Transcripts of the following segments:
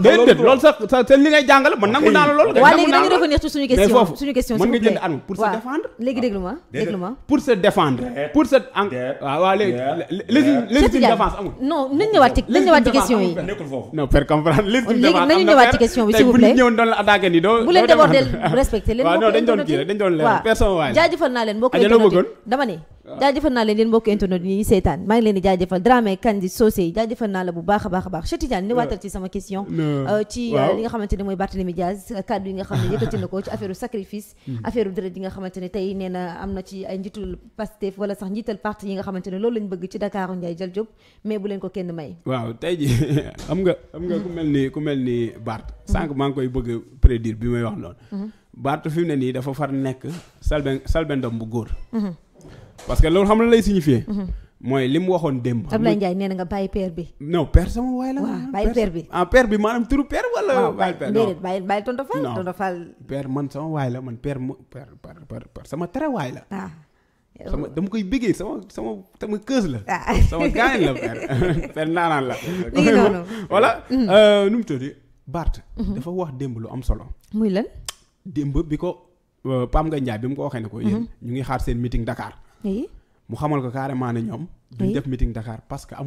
déedéet loolu sax li ngay jàngale la ma déglu ma. pour se défendre. pour léegi. légitime défense amul. ci nañu question yi. question bi bu ñu bu leen déborder respecté leen. leen mbokk internet dama ne jaajëfal naa leen yéen internet yi seetaan maa leen di jaajëfal Dramé Kandji Socé jaajëfal naa la bu baax a baax a baax Cheikh Tidiane ni waatal ci sama question Euh, ci euh, li nga xamante ne mooy Barthélemy Diaz kàddu yi nga xam ne yëkkati na ko ci affaire sacrifice hmm. affaire dërët yi nga xamante tey nee am na ci ay njiitul Pastef wala sax njiital parti yi nga xamante loolu lañ bëgg ci Dakar Ndiaye Jal Diop mais bu leen ko kenn may waaw tey ji am nga am nga ku mel ni ku mel ni Bart hmm. sànq maa ngi koy bëgg prédire bi may wax noonu hmm. Bart fi ne nii dafa far nekk salben salbendom bu góor parce que loolu xam mooy li mu waxoon démb. Ablaye Ndiaye nee na nga bàyyi père bi. non père sama waay la. bàyyi père bi ah père bi maanaam turu père wala. bàyyi père non déedéet bàyyi man sama waay la man père mu père sama tere waay la. ah. sama dama koy bëggee sama sama sama kees la. Ah. sama gaañ la père père naanaan la. li ngi noonu voilà. Mm. Euh, nu mu tudd mm-hmm. dafa wax démb lu am solo. muy lan. démb bi ko euh, Pam nga Ndiaye bi mu ko waxee ne ko. Mm-hmm. yéen ñu ngi xaar seen meeting Dakar. mu xamal ko carrément ne ñoom duñ def meeting Dakar parce mhm.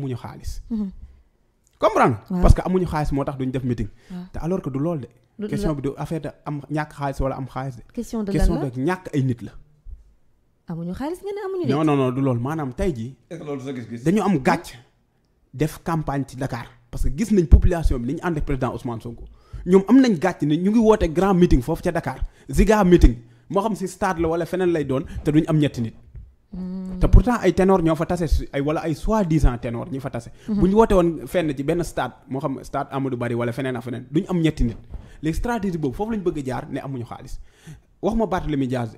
amuñu xaalis moo tax duñ def meeting te alors que du loolu de question bi du affaire de am ñàkk xaalis wala am xaalis de question de ñàkk ay nit la amuñu xaalis nga ne amuñu non non non du loolu maanaam tey jii dañu am gàcc def campagne ci Dakar parce gis nañ population bi li ànd ak président Ousmane Sonko ñoom am nañ gàcc ne ñu ngi woote grand meeting foofu ca Dakar ziga meeting moo xam si stade la wala Mm. te pourtant ay ténor ñoo fa tase ay wala ñi fa tase. Mm-hmm. bu ñu woote woon fenn ci benn stade moo xam stade Amadou Barry wala feneen ak feneen duñ am ñetti nit léegi stratégie boobu foofu lañ bëgg a jaar ne amuñu xaalis waxuma Barthélemy Diaz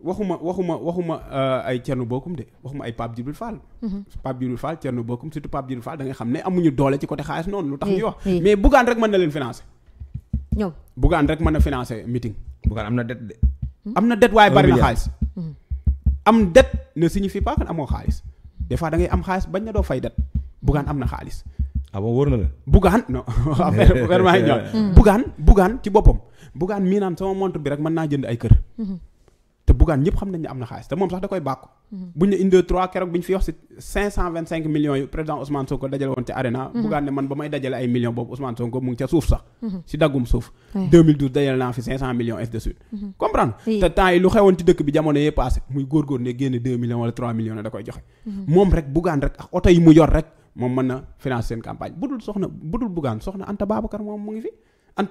waxuma waxuma waxuma euh, ay Thierno Bocoum de waxuma ay Pape Djibril Fall. Mm-hmm. Pape Djibril Fall Thierno Bocoum surtout Pape Djibril Fall da xam ne amuñu doole ci côté xaalis noonu. lu tax ñuy wax mais Bougane rek mën na leen financer. ñoom Bougane rek mën na financer meeting. am dette ne signifie pas que amoo xaalis des fois da ngay am xaalis bañ na doo fay det Bougane am na xaalis. ah bon wóor na la. Bougane non affaire vraiment ñor. Bougane Bougane ci boppam Bougane mii naan sama mont bi rek mën naa jënd ay kër. Mm-hmm. te Bougane ñëpp xam nañ ne am na xaalis te moom sax da koy bàkku mhm. buñ ne inde trois keroog bi ñu fi wax si cinq cent vingt cinq millions yu président Ousmane Sonko dajale woon ci arena mhm. Bougane ne man ba may dajale ay millions boobu Ousmane Sonko mu ngi ca suuf sax si mhm. daggum suuf 2012 dajale naa fi cinq cent millions ainsi de te temps yi lu xewoon ci dëkk bi jamono yee passé muy góorgóor ne génne deux millions wala trois millions ne da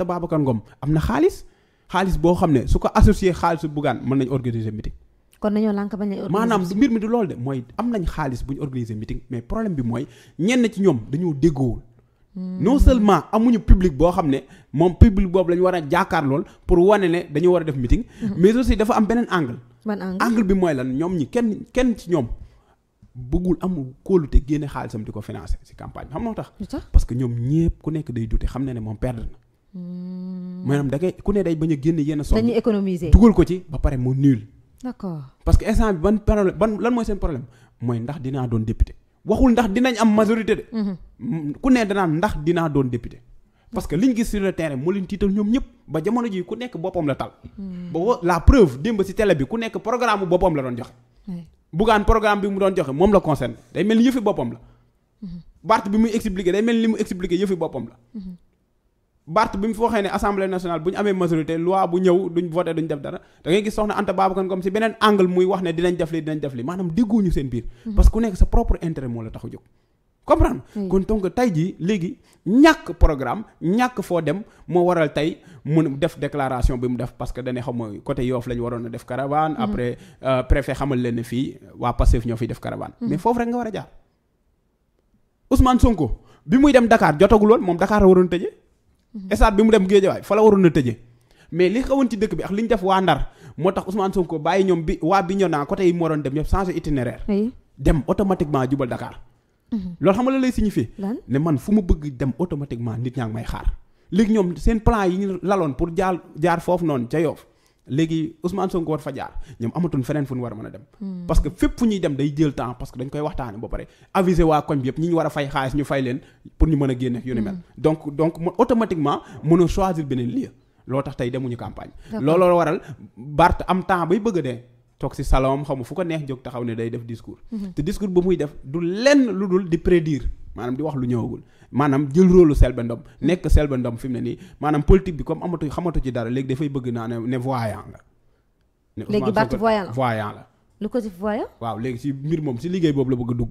xaalis boo xam ne su ko associé xaalisu Bougane mën nañ organiser meeting. kon nañoo lànk bañ a maanaam mbir mi du loolu de mooy am nañ xaalis buñu ñu organiser meeting mais problème bi mooy ñenn ci ñoom dañoo déggoowul hmm. non seulement amuñu public boo xam ne moom public boobu la ñu war a jaakaar pour wane ne dañu war def meeting. Hmm. mais aussi dafa am beneen angle. ban angle bi mooy lan ñoom ñi kenn kenn ci ñoom bëggul amul kóolute génne xaalisam di ko financer ci campagne bi xam noo tax. parce que ñoom ñépp ku nekk day dute xam na ne moom perdre na. Hmm. maanaam da ngay ku ne day bañ a génn yenn somme dañuy ko ci ba pare mu nul. d'accord parce que instant bi ban problème ban lan mooy seen problème mooy ndax dinaa doon député waxul ndax dinañ am majorité de. Mhm. Mm, ku ne danaan ndax dinaa doon député. parce que liñ gis si le terrain moo leen tiital ñoom ñëpp ba jamono ji ku nekk boppam la tal. Hmm. ba la preuve démb ci télé bi ku nekk programme boppam la doon joxe. bugaan programme bi mu doon joxe moom la concerne day mel ni yëfi boppam la. Mhm. bi muy expliqué day mel ni li mu expliqué yëfi boppam barte bi mu fi waxee ne assemblée nationale bu ñu amee majorité loi bu ñëw duñ voté duñ def dara da ngay gis soxna Anta Babacar comme si beneen angle muy wax ne dinañ def li dinañ def li maanaam dégguñu seen biir. Mm-hmm. parce que ku nekk sa propre intérêt moo la tax jóg. comprendre mm. kon donc tey jii léegi ñàkk programme ñàkk foo dem moo waral tey mun def déclaration bi mu def parce que dañu xam mooy côté Yoff la ñu waroon a def caravane. Mm-hmm. après euh, préfet xamal leen ne fii waa Pastef ñoo fiy def caravane. Mm-hmm. mais foofu rek nga war a jaar Ousmane Sonko bi muy dem Dakar jotagul woon moom Dakar la waroon tëjee. Mhm. stade bi mu dem géejawaay fa la waroon a tëjee mais li xawoon ci dëkk bi ak li ñu def waa Ndar moo tax Ousmane Sonko bàyyi ñoom bi waa bi ñëw naa côté yi moo doon dem ñoom changé itinéraire dem automatiquement jubal Dakar mhm. loolu xam la lay signifier ne man fu mu bëgg dem automatiquement nit ñaa ngi may xaar léegi ñoom seen plan yi ñu laloon pour jaar jaar foofu noonu ca Yoff léegi Ousmane Sonko war fa jaar ñoom amatuñ feneen fu ñu war a mën a dem. Hmm. parce que fépp fu ñuy dem day jël temps parce que dañ koy waxtaane ba pare aviser waa koñ bi yëpp ñi war a fay xaalis ñu fay leen pour ñu mën a génne yu ni mel. Hmm. donc donc automatiquement mën a choisir beneen lieu loo tax tey demuñu campagne. looloo waral Bart am temps bay bëgg a dee toog si salon xaw ma fu ko neex jóg taxaw ne day def discours. Hmm. te discours bu muy def du lenn lu maanaam di wax lu ñëwagul maanaam jël rôle Selbé Ndom nekk Selbé Ndom fi mu ne nii maanaam politique bi comme amatu xamatu ci dara léegi dafay bëgg naa ne ne voyant la. ne léegi baatu voyant la voyant la. lu ko ci waaw léegi si mbir moom si liggéey boobu la bëgg dugg.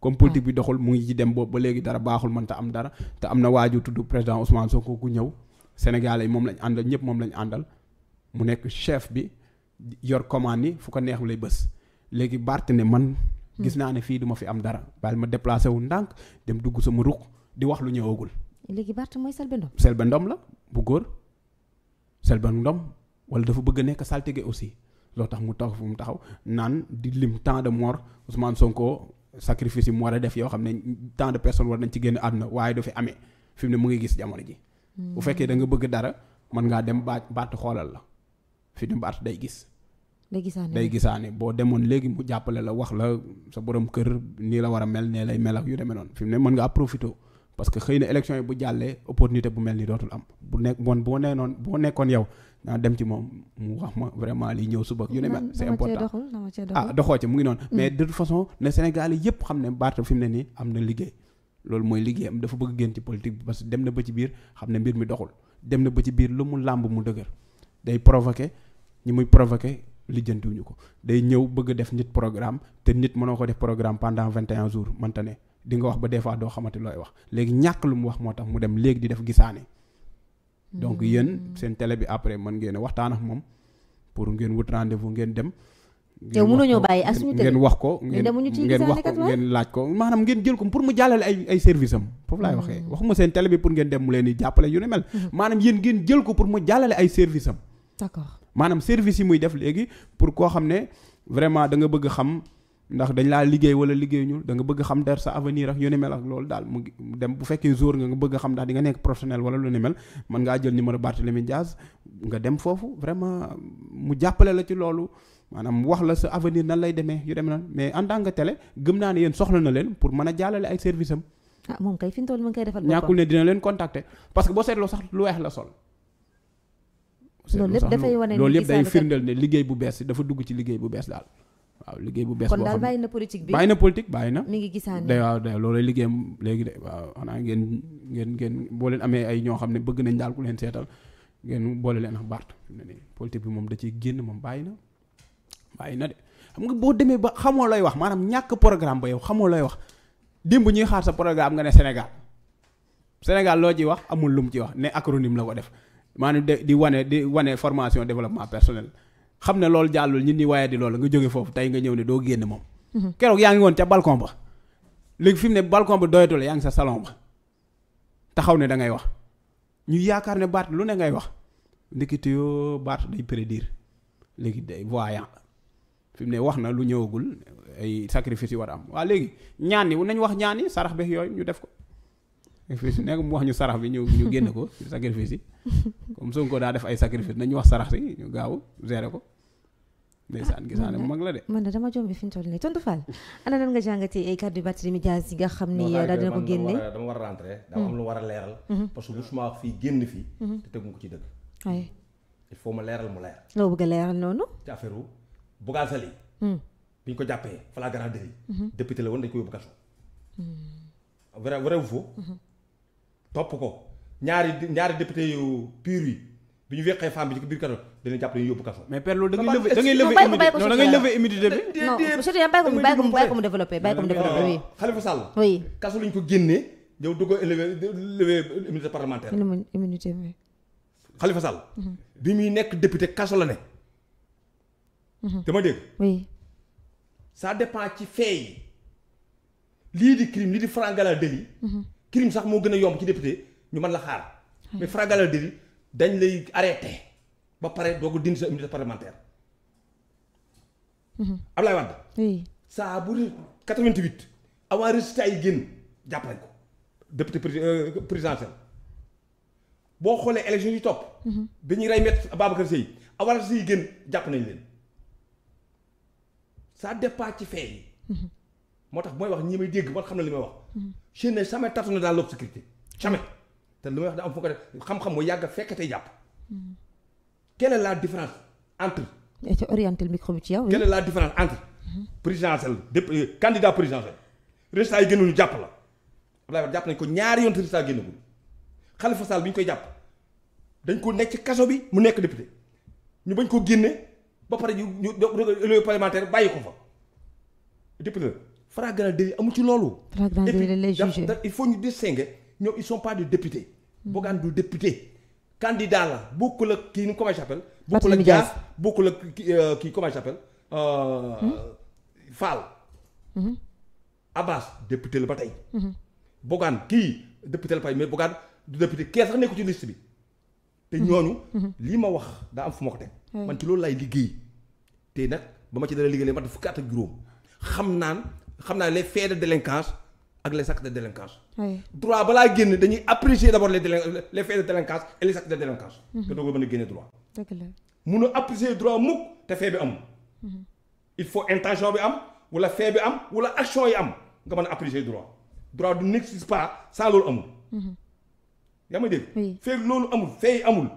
comme politique bi ah. doxul mu ngi dem boobu ba dara baaxul mën am dara te am na waaju tudd président Ousmane Sonko ku ñëw Sénégalais yi moom lañ àndal ñëpp moom lañ àndal mu nekk chef bi yor commande ni fu ko neexu lay bës léegi Barth ne man gis hmm. naa ne fii duma fi am dara baal ma déplacé wu ndànk dem dugg sama ruq di wax lu ñëwagul. léegi Bart mooy Selbé Ndom. Selbé Ndom la bu góor Selbé Ndom wala dafa bëgg a nekk saltige aussi loo tax mu tax fu mu taxaw naan di lim temps de mort Ousmane Sonko sacrifice yi mu war a def yoo xam ne tant de personnes war nañ ci génn àdduna waaye du fi amee fi ne mu ngi gis jamono ji. Hmm. bu fekkee da nga bëgg dara mën ngaa dem baat baat xoolal la fi mu baat day gis. day gisaane day gisaane boo demoon léegi mu jàppale la wax la sa borom kër nii la war a mel nee lay mel ak yu demee noonu fi mu ne mën ngaa profité parce que xëy na élection yi bu jàllee opportunité bu mel ni dootul am bu nekk bon boo neenoon noon boo nekkoon yow naa dem ci moom mu wax ma vraiment li ñëw suba yu ne mel c'est important ah doxoo ci mu ngi noonu mais mm. de toute façon ne Sénégal yi yëpp xam ne Barth fi mu ne nii am na liggéey loolu mooy liggéeyam dafa bëgg génn ci politique que dem na ba ci biir xam ne mbir mi doxul dem na ba ci biir lu mu làmb mu dëgër day provoqué muy provoqué lijjantiwuñu ko day ñëw bëgg def nit programme te nit mënoo ko def programme pendant vingt et un jours mënta ne di wax ba des fois doo xamante looy wax léegi ñàkk lu mu wax moo tax mu dem léegi di def gisaane. donc hmm. yéen seen tele bi après mën ngeen waxtaan ak moom pour ngeen wut rendez-vous ngeen dem. te mënuñoo bàyyi ak suñu télé ngeen wax ko ngeen laaj ko maanaam ngeen jël ko pour mu jàllale ay ay service am foofu laay hmm. waxee waxuma seen télé bi pour ngeen dem mu leen di jàppale yu hmm. maanaam yéen ngeen jël ko pour mu jàllale ay service am d'accord maanaam service yi muy def léegi pour koo xam ne vraiment danga nga bëgg xam ndax dañ laa liggéey wala liggéeyuñu da nga bëgg xam dar sa avenir ak yu mel ak daal mu dem bu fekkee jour nga nga bëgg xam ndax di nekk professionnel wala lu ni mel mën ngaa jël numéro nga dem foofu vraiment mu jàppale la ci loolu maanaam wax la sa avenir nan lay demee yu demee noonu mais en tant que télé gëm naa ne yéen soxla na leen pour mën a jàllale ay service am. ah ñàkkul ne dina leen contacter parce que boo seetloo sax lu weex la sol. loolu lépp dafay wane loolu yëpp day firndeel ne liggéey bu bees dafa dugg ci liggéey bu bees daal waaw liggéey bu bees boo xam ne daal bàyyi na politique bi na politique bàyyi na. mi ngi gisaan day waaw day loolay liggéeyam léegi de waaw ngeen ngeen ngeen boo amee ay ñoo xam ne bëgg nañ daal ku leen seetal ngeen boole leen ak Barth ne bi moom da ciy génn moom bàyyi na bàyyi na xam nga boo demee ba xamoo looy wax maanaam ñàkk programme ba yow xamoo looy wax démb ñuy xaar sa programme nga ne Sénégal Sénégal loo ci wax amul lu mu ci wax ne acronyme la ko def. maanaam de di wane di wane formation développement personnel xam ne loolu jàllul ñun ñi waaye di loolu nga jóge foofu tey nga ñëw ne doo génn moom. Mhm. keroog yaa ngi woon ca balcon ba léegi fi mu ne balcon ba doyatul yaa ngi sa salon ba taxaw ne da ngay wax ñu yaakaar ne baat lu ne ngay wax ndekete yoo baat day prédire léegi day voyant fi mu ne wax na lu ñëwagul ay sacrifice yu war am waa léegi ñaan yi nañ wax ñaan yi sarax beeg yooyu ñu def ko. sacrifice nekk mu wax ñu sarax bi ñu ñu génn ko sacrifice yi comme Sonko daa def ay sacrifice nañu wax sarax si ñu gaaw gérer ko ndeysaan ah, gisaane mu mag la de man de dama jombi fi mu toll nii tontu Fall ana nan nga jàngatee ay kàddu Barthélémy Dias yi nga xam ni euh, daal dina ko génne dama war a rentré dama am lu war a mm-hmm. wax fii génn fii mm-hmm. te tegu ko ci dëgg il faut ma leeral mu leer loo bëgg a leeral noonu ci affaire u Bougane mm. bi ñu ko jàppee flagrant délit mm-hmm. député topp ko ñaari ñaari député yu pur yi bi ñu weqee femme bi ci biir kaso dina jàpp dañu yóbbu kaso. mais père loolu da ngay lever da ngay lever immunité non da ngay lever immunité bi. non monsieur Dieng bàyyi ko mu bàyyi ko mu développé bàyyi ko mu développé oui. Khalifa Sall. oui kaso lañ ko génnee yow du ko lever lever immunité parlementaire. immunité bi. Khalifa Sall. Mhm. bi muy nekk député kaso la ne. Mhm. dama dégg. oui. ça dépend ci fee yi. lii di crime lii di franc délit. crime sax moo gën a yomb ci député ñu mën la xaar. mais flagrant délit dañ lay arrêté ba pare doo ko dindi sa immunité parlementaire. Mhm. Ablaye Wade. oui saa bu 88 avant résultat yi génn jàpp nañ ko député euh, présidentiel boo xoolee élection yi topp. Mhm. bi ñuy rey met Babacar Seye avant résultat yi génn jàpp nañ leen ça dépend ci fee yi. Mhm. moo tax mooy wax ñi may dégg man xam na li may wax. je n'ai jamais tâtonné dans l'obscurité jamais te li may wax da am fu ko def xam-xam mooy yàgg a fekk tey jàpp. quelle est la différence entre. ci oriental micro bi ci yow. quelle est la différence entre. présidentiel dépp euh, candidat présidentiel résultat yi génnuñu jàpp la Abdoulaye Wade jàpp nañ ko ñaari yoon te résultat génnagul Khalifa Sall bi ñu koy jàpp dañ ko nekk ci kaso bi mu nekk député ñu bañ ko génne ba pare ñu ñu parlementaire bàyyi ko fa député la Fra Gana Deli amu ci loolu. Fra Gana Deli lay jugé il faut ñu distinguer ñoom ils sont pas des députés. Hmm. Bougane du député. candidat la bokkul ak euh, kii comment il s'appelle. bokkul euh, ak Dia bokkul ak kii comment il s'appelle. Fall. Hmm. Abbas député la ba tey. Hmm. Bougane kii député la ba mais Bougane du député kee sax nekku ci liste bi. te ñooñu. lii ma wax daa am fu ma ko teg. man ci loolu lay liggéey. te nag ba ma ci dara liggéey ma def fukki ak juróom xam naan xam naa les faits de délinquance ak les actes de délinquance. droit balaa génn dañuy apprécier d' abord les délin les faits de délinquance et les actes de délinquance. Mhm. te doo ko mën a génne droit. mun a apprécier droit mukk te fait bi amul. Mhm. il faut intention bi am wala fait bi am wala action yi am nga mën a apprécier droit droit du n'existe pas sans loolu amul. Mhm. yaa may dégg. feeg loolu amul fait yi amul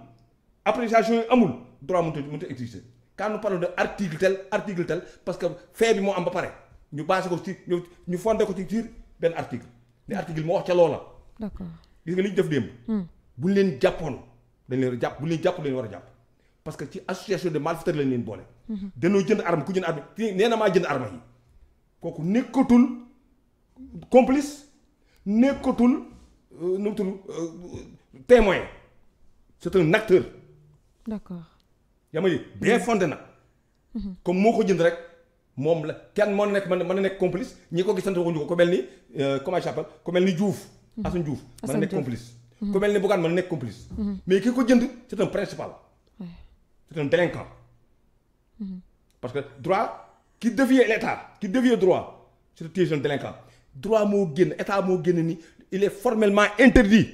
appréciation yi amul droit mënut a mënut a exister de article tel article tel parce que fait bi moo am ba pare. ñu basé ko ci ñu fondé ko ci tiir benn article ne article moo wax ca loola. d'accord gis nga li ñu def démb. Hmm. buñ leen jàppoon dañ leen jàpp buñ leen jàpp leen war a jàpp parce que ci association de malfaiteurs lañ leen boole. Hmm. danoo jënd arme ku jënd arme kii nee na maa jënd arme yi kooku nekkatul complice nekkatul euh, nu euh, témoin c'est un acteur. d'accord yaa ma bien fondé na. Hmm. comme moo ko jënd rek. moom la kenn moo nekk mën mën a nekk complice ñi ko gisante wuñu ko ku mel ni euh, comment il s'appelle ku mel ni Diouf. Mm-hmm. Assane Diouf mën a nekk complice. Mm-hmm. ku mel ni Bougane mën a nekk complice. Mm-hmm. mais ki ko jënd c'est un principal. c'est un délinquant. parce que droit qui dévie l'état qui dévie droit c'est un délinquant droit moo génn état moo génn ni il est formellement interdit.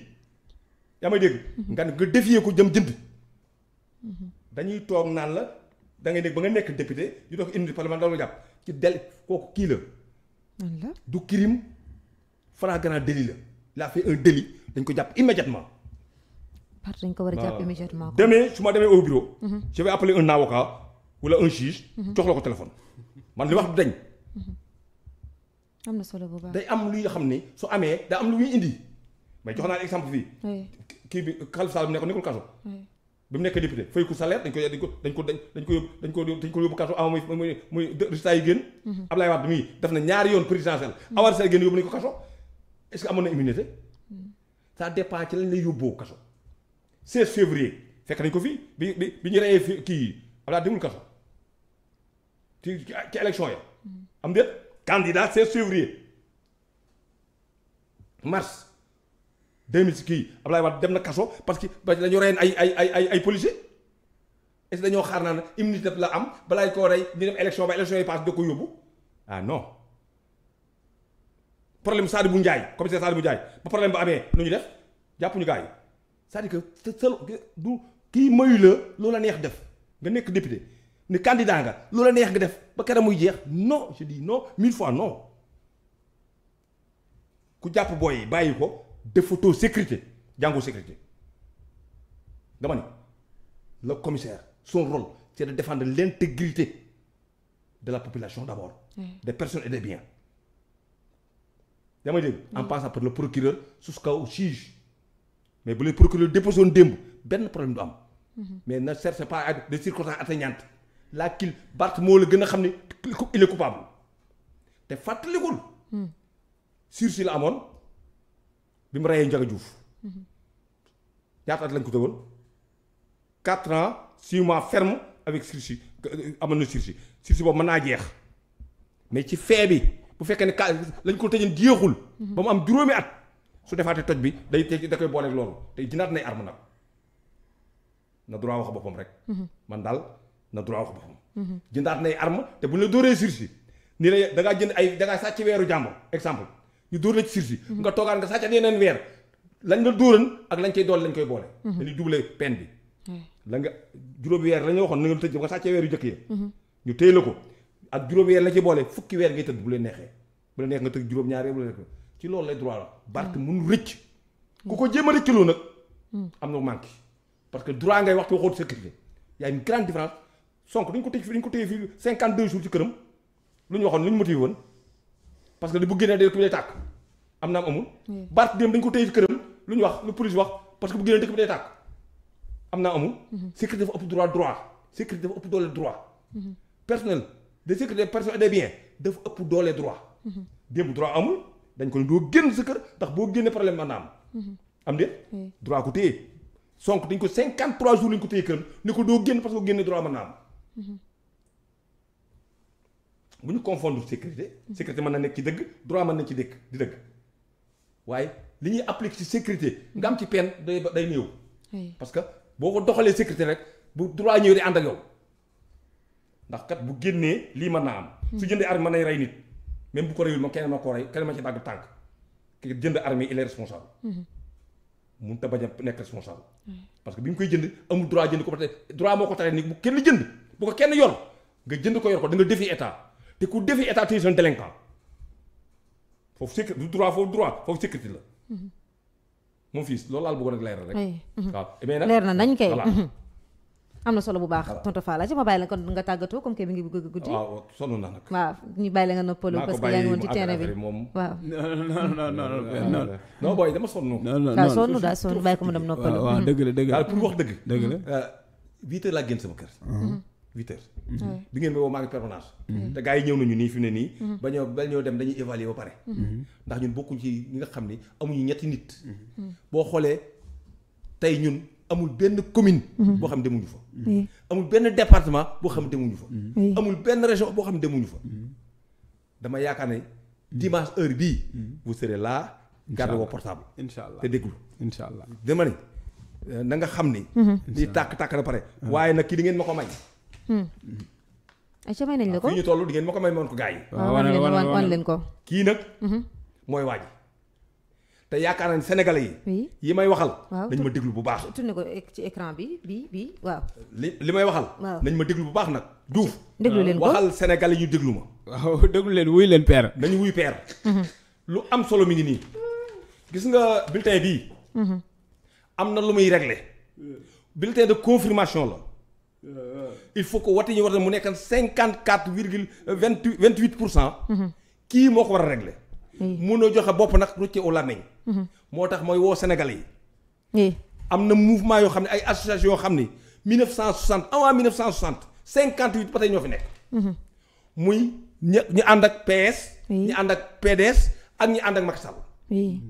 yaa ma dégg. nga ne nga défier ko jëm jënd. dañuy toog naan la. da ngay ba nga nekk député ñu ko indi parlement daal ma jàpp ci del kooku kii la. du crime flagrant délit la il a fait un dañ ko jàpp immédiatement. par ko war a jàpp immédiatement. demee su ma demee au bureau. Mhm. je vais appeler un avocat wala un juge. Mhm. jox la ko téléphone man li wax du dañ. Mhm. am na solo bu baax day am luy xam ne su amee daa am lu muy indi mais jox naa exemple fii. kii bi Khalifa Sall mu nekkul kaso. bi mu nekk député fay ko salaire dañ ko dañ ko dañ ko dañ ko yóbbu ko dañ ko yóbbu kaso awa ah, muy muy muy résultat yi génn. Mhm. Ablaye Wade mii def na ñaari yoon présidentiel. Mhm. awa say génn yóbbu nañ ko kaso est-ce que amoon na immunité. Mhm. ça dépend ci lañ lay yóbboo kaso. 16 février fekk nañ ko fii bi bi bi ñu reyee fii kii Ablaye demul kaso ci ci élection ya am déet candidat 16 février 2000 kii Ablaye Wade dem na kaso parce que dañu reen ay ay ay ay ay policiers est ce dañoo xaar naan immunité la am balaay koo rey ñu dem élection ba élection yi passe da ko yóbbu ah non njaay Sadibou Ndiaye commissaire Sadibou Ndiaye ba problème ba amee nu ñu def jàppuñu gars yi c'est-à-dire que seul du kii mayu la neex def nga nekk député ni candidat nga loola neex nga def ba keroog muy jeex non je dis non mille fois non ku jàpp booy bàyyi ko. de photo sécurité jàngoo sécurité dama ni le commissaire son rôle c'est de l'intégrité de la population d'abord oui. des personnes et des biens yaa may dégg en passant par le procureur jusqu'au juge mais bu leen procureur déposé woon démb benn problème du am mhm. mais ne cherche pas à des circonstances atténuantes la kil Barth moo la gën a xam ne il est coupable te fàttalikul hmm. sursis la amoon bi mu reyee Ndiaga Diouf at lañ ko tëwoon quatre ans six mois ferme avec sursis amoon na sursis sursis boobu mën naa jeex mais ci fee bi bu fekkee ne ka lañ ko tëjee jeexul. ba mu am juróomi at su defaatee toj bi day da koy booleeg loolu te jëndaat nay arme nag na droit wax boppam rek. man daal na droit wax boppam. jëndaat nay arme te bu ñu la dóoree ni nii la da ngaa jënd ay da sàcc weeru jàmbur exemple. ñu dóor la ci sursis nga toogaan nga sàccaat yeneen weer lañ la dóoran ak lañ cay dool lañ koy boole mhm. dañuy doublé peine bi la nga juróomi weer la waxoon la ko ak juróomi fukki weer ngay tëdd bu leen neexee bu leen neex nga tëj juróom ñaari bu leen neexee ci la mm. mm. mm. na manqué parce que droit ngay waxtu waxoot sécurité y a une ko tëj ko téye fi cinquante deux ci këram lu ñu waxoon lu ñu woon parce que bu génnee dëkk bi day tàkk am na amul. Bart dem dañ ko téye këram lu ñu wax lu police wax parce que bu génnee dëkk bi day tàkk am na amul. Mhm. sécurité dafa ëpp droit droit sécurité dafa mhm. de sécurité personne et des biens dafa ëpp doole droit. Mhm. démb droit amul dañ ko ne doo génn sa kër ndax boo génnee problème mën na am. am déet droit ko téye sonk dañ ko 53 jours lañ ko téye këram ne ko doo génn parce que génne droit mën na am. bu ñu confondre sécurité. sécurité man na nekk ci dëgg droit mën na ci dëkk di dëgg waaye li ñuy appliquer ci sécurité ci peine day day néew. parce que boo ko doxalee sécurité rek bu droit ñëw ak yow ndax bu génnee lii mën naa am. su hmm. jëndee arme mën nay rey nit même bu ko reyul ma kenn ma ko rey kenn ma ci dagg tànk ki jënd arme il est responsable. Hmm. que bi koy jënd amul droit jënd ko ba droit moo ko tere ni bu kenn jënd bu ko kenn yor nga jënd ko yor ko da nga défi te ku defee état t'es un délinquant foofu sécurité du la. mon fils loolu laal bëggoon rek leer la rek. waaw eh, mais nag leer na nañ kay. Mhm. am na solo bu baax tonton Fala ci ma bàyyi la nga tàggatoo comme que mi ngi bëgg a guddi. Ah, waaw sonn na nag. waaw ñu bàyyi la nga noppalu parce que yaa ngi ci terrain bi waaw. non non non non ah, non booy dama sonn. non non daa sonn daa sonn bàyyi ko mu dem noppalu. waaw waaw dëgg la dëgg la pour wax dëgg. dëgg la euh, huit heures laa sama kër. Mhm. huit mhm. bi ngeen woo maa ngi permanence. Mhm. te gars yi ñëw nañu nii fi mu ne nii. Mhm. ba ñoo ba ñoo dem dañuy évaluer ba pare. ndax ñun bokkuñ ci ñi nga xam ni amuñu ñetti nit. boo xoolee tey ñun amul benn commune. boo xam demuñu fa. amul benn département boo xam demuñu fa. benn région boo xam demuñu fa. dama yaakaar ne dimanche heure bi vous serez là. garde vos portables. incha allah te déglu. incha allah dama ne euh, na xam ni. lii tàkk tàkk na pare. waaye nag ki di ngeen ma ko may. ayca may nañ la ko fii ñu toll di ngeen ma ko may moon ko gars yi. waaw wan leen ko kii nag. mooy waaj te yaakaar nañ sénégalais yi. yi may waxal. dañ ma déglu bu baax. tourné ko ci écran bi bi bi waaw. li li may waxal. dañ ma déglu bu baax nag duuf. déglu leen ko waxal sénégalais ñu déglu ma. waaw déglu leen wuy leen peer. nañu wuy peer. lu am solo mi ngi nii. gis nga bulletin bii. am na lu muy réglé. bulletin de confirmation la. il faut que wati ñu war mu nekk cinquante quatre virgule vingt huit vingt huit pour cent. kii moo ko war a régler. mun joxe bopp nag rucce au làmmiñ. Mhm. moo tax mooy woo Sénégalais yi. am na mouvement yoo xam ne ay association yoo xam ni mille neuf cent soixante avant mille neuf cent soixante cinquante huit ba tey ñoo fi nekk. Mhm. muy ñu ñu ànd ak PS. ñu ànd ak PDS ak ñu ànd ak Macky Sall.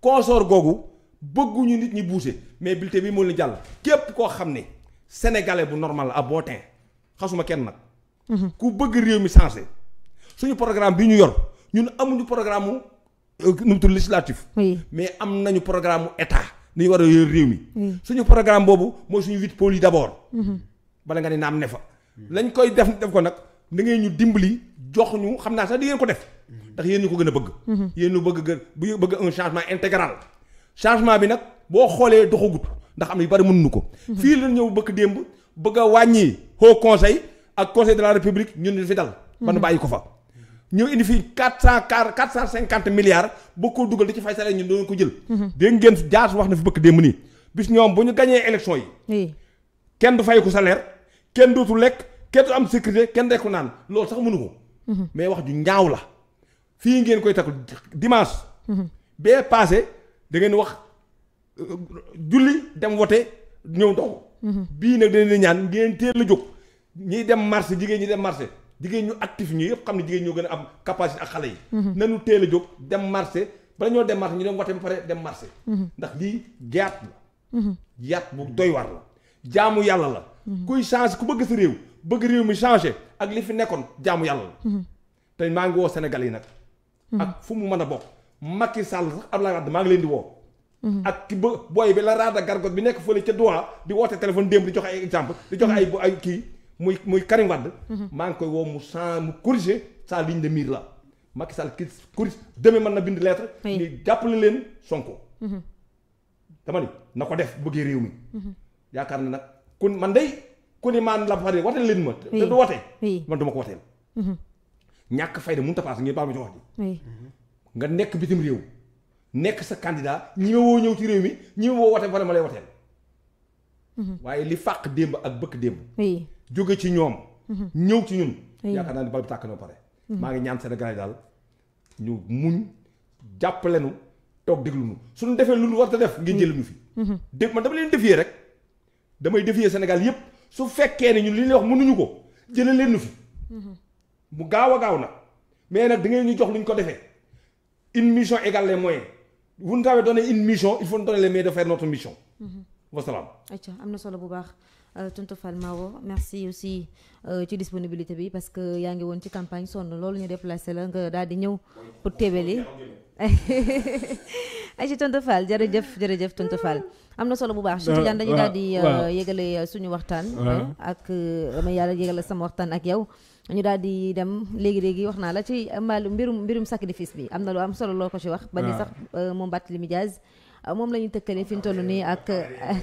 consort googu bëgguñu nit ñi bouger mais bulletin bi moo leen jàll képp koo xam ne. sénégalais bu normal la ab bootin xasuma kenn nag. Mhm. ku bëgg réew mi changé suñu programme bi ñu yor ñun amuñu programme mu euh, nu mu tudd législatif. mais am nañu programme état ni war a yor réew mi. suñu programme boobu mooy suñu huit pôles yi d' abord. Mhm. bala nga ne naam ne fa. lañ koy def def ko nag da ngay ñu dimbali jox ñu xam naa sax di ngeen ko def. Mhm. ndax yéen ñu ko gën a bëgg. yéen ñu bëgg gën bu bëgg changement intégral changement bi nag. boo xoolee doxagut ndax am na yu bari mënuñu ko. fii la ñëw bëgg démb bëgg a wàññi haut conseil ak conseil de la république ñun ñu fi dal. ba mhm. bàyyi ko fa. ñëw indi fii quatre cent quatre cent cinquante milliards bëgg koo dugal di ci fay salaire ñun doon ko jël. Mhm. dégg ngeen jaas wax na fi bëgg démb nii bis ñoom bu ñu gañee élection yi. kenn du fay ko salaire kenn dootu lekk kenn du am sécurité kenn rekku naan loolu sax mënu ko. Mhm. mais wax ju ñaaw la. fii ngeen koy takk dimanche. bee passé da ngeen wax. julli dem wote ñëw dox. Mhm. bii nag dañuy ñaan ngeen teel a jóg ñiy dem marché jigéen ñi dem marché jigéen ñu actif ñu yëpp xam ne jigéen ñoo gën a am capacité ak xale yi. Mhm. nañu teel a jóg dem marché bala ñoo dem marché ñu dem wote ba pare dem marché. Mhm. ndax lii jaat la. jaat bu doy war la. jaamu yàlla la. kuy changé ku bëgg sa réew bëgg réew mi changé ak li fi nekkoon jaamu yàlla la. te maa ngi woo Sénégal yi nag. ak fu mu mën a bokk. Macky Sall sax Abdoulaye Wade maa ngi leen Mm-hmm. ak ki ba booy bi la raada gargot bi nekk fële ca doyen di woote téléphone démb di joxe ay exemple di joxe ay ay kii muy muy Karim Wade. Mm-hmm. maa ngi koy woo mu sans mu corriger sa ligne de mire la Macky Sall ki corrige demee mën na bind lettre. ni jàppale leen Sonko. Mm-hmm. dama ni na ko def bëggee réew mi. yaakaar na nag kun man day ku maan la fa leen ma. te du wote. man duma ko woteel. ñàkk fayda mënut a paas ngeen baal ma ci wax ji. nga nekk bitim réew. nekk sa candidat ñi ñëw ci réew mi ñi ma woo wote ba ma lay woteel. Mhm. waaye li fàq démb ak bëkk démb. oui jóge ci ñoom. Mhm. ñëw ci ñun. yaakaar naa ni bal tàkk na pare. Mhm. maa ngi ñaan Sénégalais daal ñu muñ jàpp nu toog déglu nu suñu defee lu nu war a def. ngeen jël nu fi. dégg man dama leen défier rek damay def défier Sénégal yépp su fekkee ne ñu li ñuy wax mënuñu ko jëlee leen nu fi. mu gaaw a gaaw na mais nag da ngeen ñu jox luñ ko defee une mission égale les vous nous avez donné une mission il faut nous donner les moyens de faire notre mission. Mhm. wasalaam. ayca am na solo bu baax euh, tonton Fall Mao merci aussi euh, ci disponibilité bi parce que yaa ngi woon ci campagne sonn loolu ñu déplacé la nga daal di ñëw pour teebali. ayca tonton Fall jëf jërëjëf jëf Fall. am na solo bu baax Cheikh Tidiane dañu euh, daal di yégale suñu waxtaan. ak dama yàlla yégale sama waxtaan ak yow. ñu daal di dem léegi-léegi wax naa la ci mbaalu mbirum mbirum sacrifice bi am na lu am solo loo ko ci wax ba ni ah. sax euh, moom Barthélémy Dias euh, moom la ñu tëkkalee fi ñu toll nii ak ah,